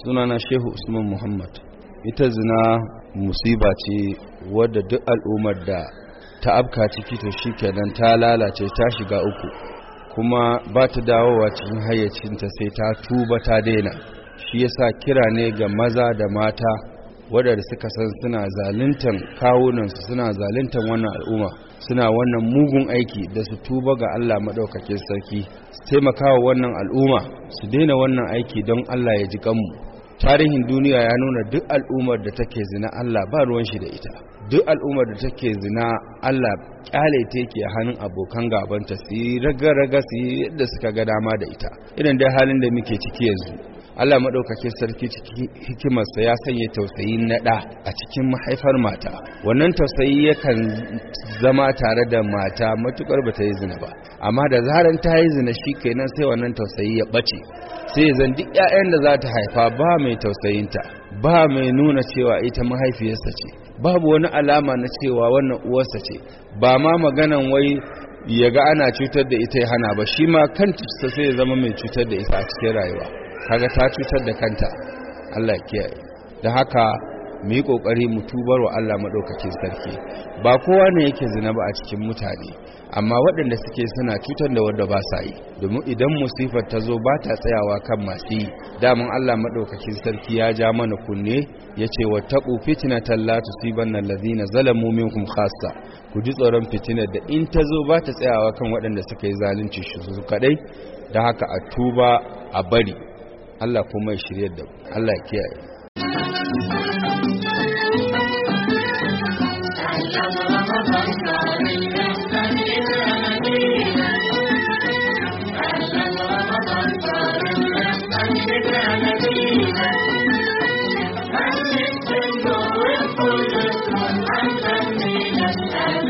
sunana shehu usman muhammad ita zina musiba ce wadda duk al'ummar da ta abka ciki to kenan ta lalace ta shiga uku kuma ba ta dawowa cikin hayyacinta sai ta tuba ta daina shi yasa kira ne ga maza da mata waɗanda suka san suna zaluntan kawunansu suna zaluntar wannan al'umma suna wannan mugun aiki da su tuba ga Allah maɗaukakin sarki su taimakawa wannan al'umma su daina wannan aiki don Allah ya ji kanmu tarihin duniya ya nuna duk al'ummar da take zina Allah ba ruwan shi da ita duk al'ummar da take zina Allah kyale ta yake hannun abokan gabanta su yi raga-raga su yi yadda suka ga dama da ita irin dai halin da muke ciki yanzu Allah maɗaukakin sarki cikin hikimarsa ya sanya tausayi na ɗa a cikin mahaifar mata wannan tausayi yakan zama tare da mata matukar ba ta yi zina ba amma da zaran ta yi zina shi kenan sai wannan tausayi ya ɓace sai zan duk 'ya'yan da za ta haifa ba mai tausayinta ba mai nuna cewa ita mahaifiyarsa ce babu wani alama na cewa wannan uwarsa ce ba ma maganan wai ya ga ana cutar da ita ya hana ba shi ma kan sai ya zama mai cutar da ita a cikin rayuwa kaga ta cutar da kanta Allah kiyaye da haka mu yi kokari mu tubar wa Allah madaukakin sarki ba kowa ne yake zina ba a cikin mutane amma waɗanda suke suna cutar da wanda ba sa yi domin idan musifar ta zo ba ta tsayawa kan masu yi damun Allah madaukakin sarki ya ja mana kunne ya ce wa taqu fitnatan la tusibanna allazina zalamu minkum khassa ku ji tsoron fitinar da in ta zo ba ta tsayawa kan waɗanda suka yi zalunci shi su kadai da haka a tuba a bari Allah kuma ya shirya da Allah ya kiyaye I'm